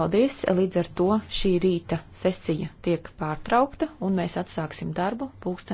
Paldies! Līdz ar to šī rīta sesija tiek pārtraukta, un mēs atsāksim darbu pulksten.